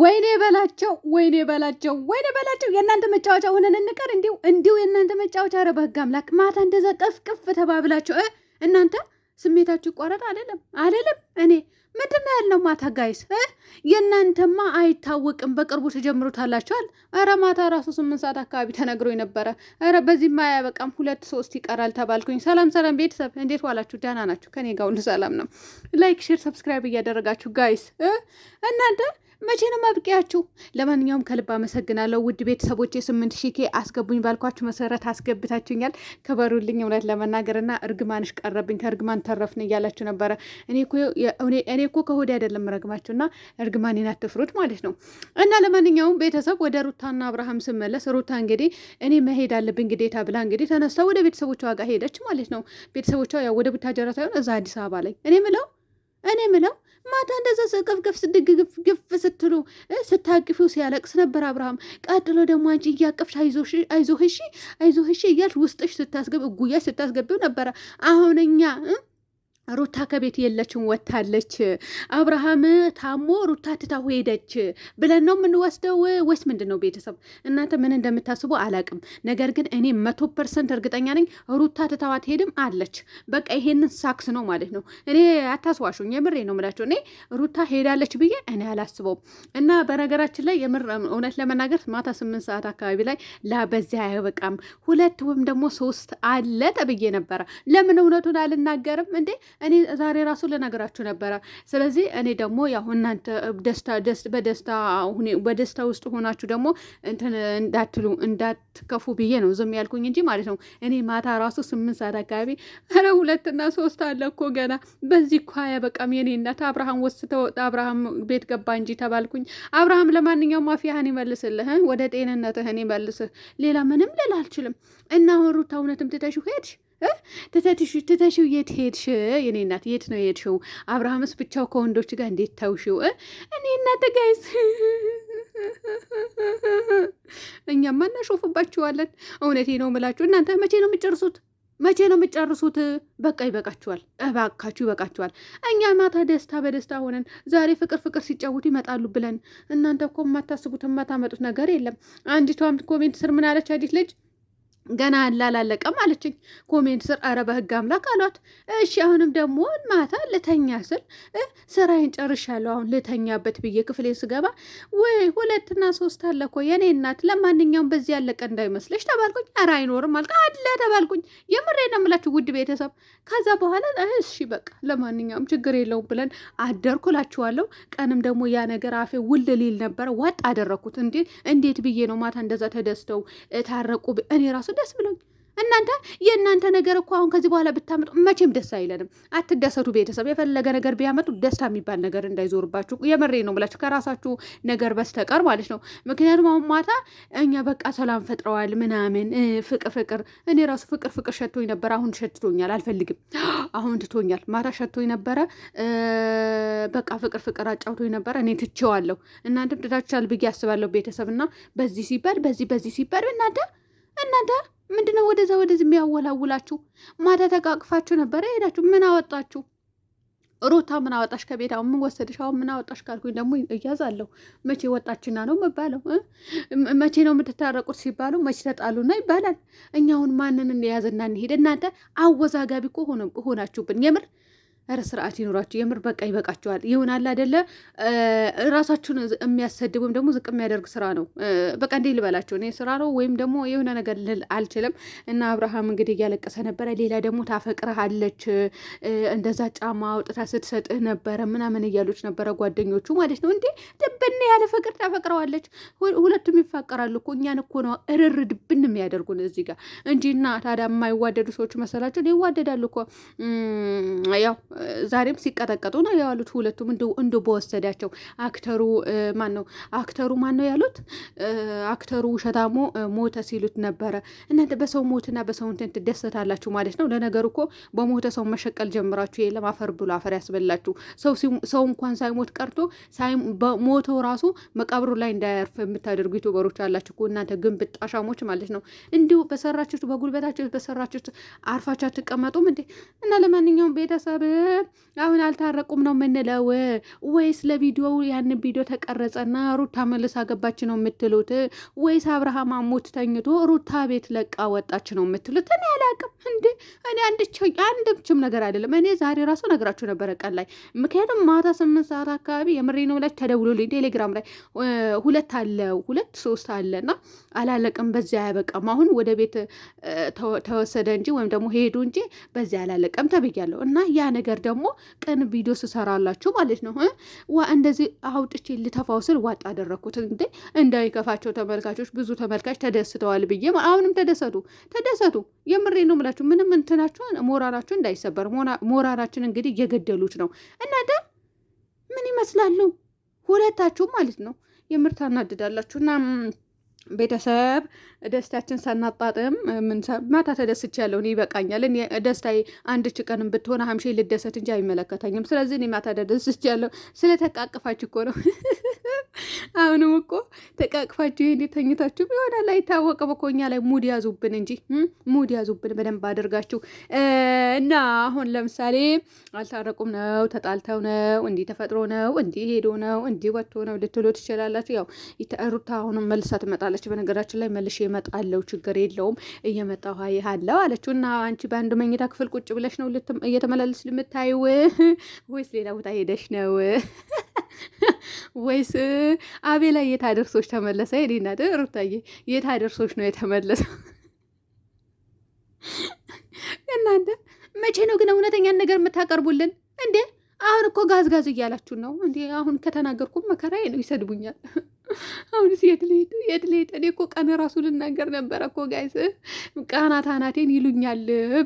ወይኔ በላቸው ወይኔ በላቸው ወይኔ በላቸው። የእናንተ መጫወቻ ሆነን እንቀር እንዲሁ እንዲሁ የእናንተ መጫወቻ። ኧረ በህግ አምላክ ማታ እንደዛ ቀፍቅፍ ተባብላቸው እናንተ ስሜታችሁ ይቋረጥ። አይደለም አይደለም። እኔ ምንድን ነው ማታ ጋይስ የእናንተማ አይታወቅም። በቅርቡ ተጀምሩታላችኋል። ኧረ ማታ ራሱ ስምንት ሰዓት አካባቢ ተነግሮ ነበረ። ኧረ በዚህማ አያበቃም፣ ሁለት ሶስት ይቀራል ተባልኩኝ። ሰላም ሰላም ቤተሰብ፣ እንዴት ዋላችሁ? ደህና ናችሁ? ከኔ ጋር ሁሉ ሰላም ነው። ላይክ፣ ሼር፣ ሰብስክራይብ እያደረጋችሁ ጋይስ እናንተ መቼ ነው ማብቂያችሁ? ለማንኛውም ከልብ አመሰግናለሁ ውድ ቤተሰቦች የስምንት ሺኬ አስገቡኝ ባልኳችሁ መሰረት አስገብታችሁኛል። ክበሩልኝ። እውነት ለመናገርና እርግማንሽ ቀረብኝ ከእርግማን ተረፍን እያላችሁ ነበረ። እኔ እኮ ከሆዴ አይደለም ረግማችሁ እና እርግማኔን አትፍሩት ማለት ነው። እና ለማንኛውም ቤተሰብ ወደ ሩታና አብርሃም ስመለስ ሩታ እንግዲህ እኔ መሄድ አለብኝ ግዴታ ብላ እንግዲህ ተነስታ ወደ ቤተሰቦቿ ጋር ሄደች ማለት ነው። ቤተሰቦቿ ያው ወደ ቡታጀራ ሳይሆን እዛ አዲስ አበባ ላይ እኔ ምለው እኔ ምለው ማታ እንደዛ ስቅፍቅፍ ስድግግፍ ስትሉ ስታቅፊው ሲያለቅስ ነበር አብርሃም። ቀጥሎ ደግሞ አንቺ እያቀፍሽ አይዞህ እሺ አይዞህ እሺ እያልሽ ውስጥሽ ስታስገብ እጉያሽ ስታስገቢው ነበረ። አሁን እኛ ሩታ ከቤት የለችም ወታለች፣ አብርሃም ታሞ ሩታ ትታው ሄደች ብለን ነው የምንወስደው ወይስ ምንድን ነው? ቤተሰብ እናንተ ምን እንደምታስቡ አላቅም። ነገር ግን እኔ መቶ ፐርሰንት እርግጠኛ ነኝ ሩታ ትታው አትሄድም አለች። በቃ ይሄንን ሳክስ ነው ማለት ነው። እኔ አታስዋሹኝ፣ የምሬ ነው የምላቸው። እኔ ሩታ ሄዳለች ብዬ እኔ አላስበውም። እና በነገራችን ላይ የምር እውነት ለመናገር ማታ ስምንት ሰዓት አካባቢ ላይ ላበዚያ አይበቃም ሁለት ወይም ደግሞ ሶስት አለ ተብዬ ነበረ። ለምን እውነቱን አልናገርም እንዴ? እኔ ዛሬ ራሱ ልነግራችሁ ነበረ። ስለዚህ እኔ ደግሞ ያው እናንተ ደስታ በደስታ በደስታ ውስጥ ሆናችሁ ደግሞ እንትን እንዳትሉ እንዳትከፉ ብዬ ነው ዝም ያልኩኝ እንጂ ማለት ነው። እኔ ማታ ራሱ ስምንት ሰዓት አካባቢ ኧረ ሁለትና ሶስት አለ እኮ ገና በዚህ እኮ አያበቃም። የኔ እናት አብርሃም ወስተው አብርሃም ቤት ገባ እንጂ ተባልኩኝ። አብርሃም ለማንኛውም አፍያህን ይመልስልህ፣ ወደ ጤንነትህን ይመልስህ። ሌላ ምንም ልል አልችልም። እና አሁን ሩታ እውነትም ትተሽው ሄድሽ። ትተሽ ትተሽው የት ሄድሽ? የኔ እናት የት ነው የሄድሽው? አብርሃምስ ብቻው ከወንዶች ጋር እንዴት ታውሽው? እኔ እናንተ ጋይስ እኛማ እናሾፍባችኋለን። እውነቴ ነው የምላችሁ። እናንተ መቼ ነው የምጨርሱት? መቼ ነው የምጨርሱት? በቃ ይበቃችኋል፣ እባካችሁ ይበቃችኋል። እኛ ማታ ደስታ በደስታ ሆነን ዛሬ ፍቅር ፍቅር ሲጫወቱ ይመጣሉ ብለን እናንተ እኮ የማታስቡት የማታመጡት ነገር የለም። አንዲቷም ኮሜንት ስር ምናለች አዲት ልጅ ገና አላለቀም አለችኝ። ኮሜንት ስር አረ በህግ አምላክ አሏት። እሺ አሁንም ደግሞ ማታ ልተኛ ስል ስራዬን ጨርሻለሁ አሁን ልተኛበት ብዬ ክፍሌ ስገባ ወይ ሁለትና ሶስት አለ እኮ የኔ እናት። ለማንኛውም በዚህ ያለቀ እንዳይመስለሽ ተባልኩኝ። አረ አይኖርም አልክ አለ ተባልኩኝ። የምሬ ነው የምላችሁ ውድ ቤተሰብ። ከዛ በኋላ እሺ በቃ ለማንኛውም ችግር የለውም ብለን አደርኩላችኋለሁ። ቀንም ደግሞ ያ ነገር አፌ ውል ሊል ነበረ። ዋጥ አደረግኩት። እንዴት ብዬ ነው ማታ እንደዛ ተደስተው ታረቁ እኔ ራሱ ደስ ብሎኝ እናንተ የእናንተ ነገር እኮ አሁን ከዚህ በኋላ ብታመጡ መቼም ደስ አይለንም። አትደሰቱ ቤተሰብ፣ የፈለገ ነገር ቢያመጡ ደስታ የሚባል ነገር እንዳይዞርባችሁ የመሬ ነው ብላችሁ ከራሳችሁ ነገር በስተቀር ማለት ነው። ምክንያቱም አሁን ማታ እኛ በቃ ሰላም ፈጥረዋል ምናምን ፍቅር ፍቅር፣ እኔ ራሱ ፍቅር ፍቅር ሸቶኝ ነበር። አሁን ሸትቶኛል፣ አልፈልግም። አሁን ትቶኛል። ማታ ሸቶኝ ነበረ። በቃ ፍቅር ፍቅር አጫውቶኝ ነበረ። እኔ ትቼዋለሁ። እናንተም ትታችኋል ብዬ አስባለሁ ቤተሰብ እና በዚህ ሲባል በዚህ በዚህ ሲባል እናንተ እናንተ ምንድነው ወደዛ ወደዚህ የሚያወላውላችሁ? ማታ ተቃቅፋችሁ ነበረ ሄዳችሁ። ምን አወጣችሁ? ሩታ ምን አወጣሽ ከቤት? አሁን ምን ወሰድሽ? አሁን ምን አወጣሽ ካልኩኝ ደግሞ እያዛለሁ። መቼ ወጣችና ነው መባለው? መቼ ነው የምትታረቁት ሲባሉ መቼ ተጣሉና ይባላል። እኛውን ማንን የያዝና እንሄድ? እናንተ አወዛጋቢ እኮ ሆናችሁብን የምር ረ ስርዓት ይኖራችሁ። የምር በቃ ይበቃችኋል። ይሆናል አይደለ? ራሳችሁን የሚያሰድብ ወይም ደግሞ ዝቅ የሚያደርግ ስራ ነው። በቃ እንዴ ልበላችሁ፣ እኔ ስራ ነው ወይም ደግሞ የሆነ ነገር ልል አልችልም። እና አብርሃም እንግዲህ እያለቀሰ ነበረ። ሌላ ደግሞ ታፈቅረህ አለች እንደዛ ጫማ አውጥታ ስትሰጥህ ነበረ ምናምን እያሉች ነበረ ጓደኞቹ ማለት ነው። እንዴ ድብን ያለ ፍቅር ታፈቅረዋለች። ሁለቱም ይፋቀራሉ እኮ እኛን እኮ ነው እርር ድብን የሚያደርጉን እዚህ ጋር እንጂ እና ታዲያ የማይዋደዱ ሰዎች መሰላቸው? ይዋደዳሉ እኮ ያው ዛሬም ሲቀጠቀጡ ነው ያሉት። ሁለቱም እንዶ በወሰዳቸው አክተሩ ማን ነው አክተሩ ማን ነው ያሉት አክተሩ ውሸታሞ ሞተ ሲሉት ነበረ። እናንተ በሰው ሞትና በሰው እንትን ትደሰታላችሁ ማለት ነው። ለነገሩ እኮ በሞተ ሰው መሸቀል ጀምራችሁ የለም አፈር ብሎ አፈር ያስበላችሁ። ሰው እንኳን ሳይሞት ቀርቶ ሞተው ራሱ መቃብሩ ላይ እንዳያርፍ የምታደርጉ ዩቱበሮች አላችሁ እኮ እናንተ ግን ብጣሻሞች ማለት ነው። እንዲሁ በሰራችሁት በጉልበታችሁ በሰራችሁት አርፋችሁ አትቀመጡም እንዴ? እና ለማንኛውም ቤተሰብ አሁን አልታረቁም ነው የምንለው ወይስ ለቪዲዮው ያን ቪዲዮ ተቀረጸና ሩታ መልሳ ገባች ነው የምትሉት ወይስ አብርሃም አሞት ተኝቶ ሩታ ቤት ለቃ ወጣች ነው የምትሉት? እኔ አላቅም እንዴ እኔ አንድችም ነገር አይደለም። እኔ ዛሬ ራሱ ነግራችሁ ነበረ ቀን ላይ ምክንያቱም ማታ ስምንት ሰዓት አካባቢ የምሬ ነው ብላችሁ ተደውሎልኝ ቴሌግራም ላይ ሁለት አለ ሁለት ሶስት አለ እና አላለቅም። በዚያ አያበቃም። አሁን ወደ ቤት ተወሰደ እንጂ ወይም ደግሞ ሄዱ እንጂ በዚያ አላለቀም ተብያለሁ እና ያ ነገር ነገር ደግሞ ቀን ቪዲዮ ስሰራላችሁ ማለት ነው። ዋ እንደዚህ አውጥቼ ልተፋው ስል ዋጥ አደረግኩት። እንደ እንዳይከፋቸው ተመልካቾች ብዙ ተመልካች ተደስተዋል ብዬ አሁንም ተደሰቱ ተደሰቱ። የምሬ ነው የምላችሁ። ምንም እንትናችሁን ሞራላችሁ እንዳይሰበር። ሞራላችን እንግዲህ እየገደሉት ነው። እናንተ ምን ይመስላሉ ሁለታችሁ ማለት ነው። የምር ታናድዳላችሁና ቤተሰብ ደስታችን ሳናጣጥም ማታ ተደስቻለሁ። እኔ ይበቃኛል። እኔ ደስታዬ አንድች ቀንም ብትሆን ሀምሼ ልደሰት እንጂ አይመለከተኝም። ስለዚህ እኔ ማታ ተደስቻለሁ። ስለተቃቅፋችሁ እኮ ነው። አሁንም እኮ ተቃቅፋችሁ ይሄን የተኝታችሁ ይሆናል አይታወቅም እኮ እኛ ላይ ሙድ ያዙብን እንጂ ሙድ ያዙብን በደንብ አድርጋችሁ እና አሁን ለምሳሌ አልታረቁም ነው ተጣልተው ነው እንዲህ ተፈጥሮ ነው እንዲህ ሄዶ ነው እንዲህ ወጥቶ ነው ልትሎ ትችላላችሁ። ያው ሩታ አሁንም መልሳ ትመጣለች። በነገራችን ላይ መልሼ እመጣለሁ ችግር የለውም እየመጣሁ አለው አለችው እና አንቺ በአንድ መኝታ ክፍል ቁጭ ብለሽ ነው እየተመላለስ ልምታይው ወይስ ሌላ ቦታ ሄደሽ ነው? ወይስ አቤላ የታደርሶች ተመለሰ? ሄዲና ሩታዬ የታደርሶች ነው የተመለሰ? እናንተ መቼ ነው ግን እውነተኛን ነገር የምታቀርቡልን እንዴ? አሁን እኮ ጋዝጋዝ እያላችሁ ነው እንዴ? አሁን ከተናገርኩም መከራዬ ነው፣ ይሰድቡኛል። አሁንስ የት ልሄድ የት ልሄድ? እኔ እኮ ቀን ራሱ ልናገር ነበረ እኮ ጋይስ ቃናት አናቴን ይሉኛል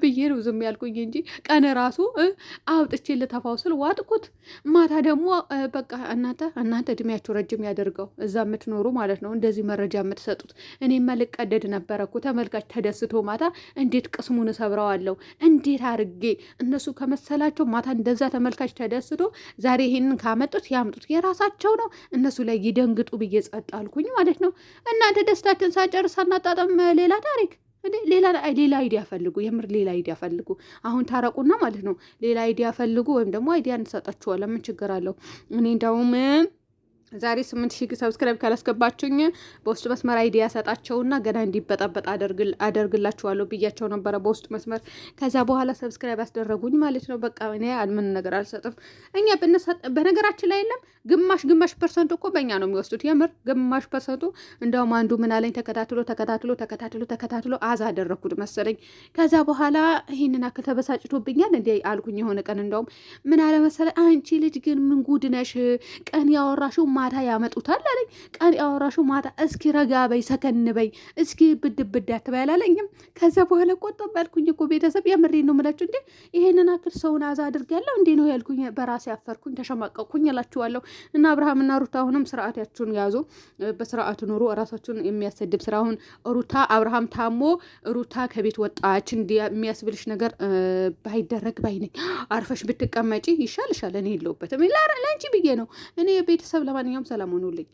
ብዬ ነው ዝም ያልኩኝ እንጂ ቀን ራሱ አውጥቼ ልተፋው ስል ዋጥኩት። ማታ ደግሞ በቃ እናንተ እናንተ እድሜያችሁ ረጅም ያደርገው እዛ የምትኖሩ ማለት ነው እንደዚህ መረጃ የምትሰጡት። እኔማ ልቀደድ ነበረ እኮ ተመልካች ተደስቶ ማታ እንዴት ቅስሙን እሰብረዋለሁ እንዴት አርጌ እነሱ ከመሰላቸው ማታ እንደዛ ተመልካች ተደስቶ ዛሬ ይሄንን ካመጡት ያምጡት የራሳቸው ነው እነሱ ላይ ይደንግጡ ብዬ ብዬ ጸጥ አልኩኝ ማለት ነው። እናንተ ደስታችን ሳጨርስ አናጣጠም ሌላ ታሪክ ሌላ ሌላ አይዲያ ፈልጉ። የምር ሌላ አይዲያ ፈልጉ። አሁን ታረቁና ማለት ነው። ሌላ አይዲያ ፈልጉ፣ ወይም ደግሞ አይዲያ እንሰጣችኋለን። ምን ችግር አለው? እኔ እንደውም ዛሬ ስምንት ሺህ ሰብስክራይብ ካላስገባችሁኝ በውስጥ መስመር አይዲያ ሰጣቸውና ገና እንዲበጣበጥ አደርግላችኋለሁ ብያቸው ነበረ በውስጥ መስመር። ከዛ በኋላ ሰብስክራይብ ያስደረጉኝ ማለት ነው። በቃ እኔ ምን ነገር አልሰጥም። እኛ በነገራችን ላይ የለም ግማሽ ግማሽ ፐርሰንቱ እኮ በእኛ ነው የሚወስዱት። የምር ግማሽ ፐርሰንቱ እንደውም አንዱ ምን አለኝ ተከታትሎ ተከታትሎ ተከታትሎ ተከታትሎ አዛ አደረግኩት መሰለኝ። ከዛ በኋላ ይህንን አክል ተበሳጭቶብኛል እንዲ አልኩኝ። የሆነ ቀን እንደውም ምን አለ መሰለ፣ አንቺ ልጅ ግን ምን ጉድ ነሽ? ቀን ያወራሽው ማታ ያመጡታል አለኝ። ቀን ያወራሽው ማታ እስኪ ረጋ በይ ሰከን በይ እስኪ ብድብድ አትበይ አላለኝም። ከዛ በኋላ ቆጠብ ያልኩኝ እኮ ቤተሰብ የምሬ ነው ምላችሁ እንዴ ይሄንን አክል ሰውን አዛ አድርጊያለሁ እንዴ ነው ያልኩኝ። በራሴ አፈርኩኝ፣ ተሸማቀቅኩኝ እላችኋለሁ። እና አብርሃምና ሩታ አሁንም ስርዓታችሁን ያዙ፣ በስርዓቱ ኑሩ። ራሳችሁን የሚያሰድብ ስራ አሁን ሩታ አብርሃም ታሞ ሩታ ከቤት ወጣች እንዲህ የሚያስብልሽ ነገር ባይደረግ ባይነኝ አርፈሽ ብትቀመጪ ይሻልሻል። እኔ የለሁበትም ለአንቺ ብዬ ነው እኔ ቤተሰብ። ለማንኛውም ሰላም ሆኑልኝ።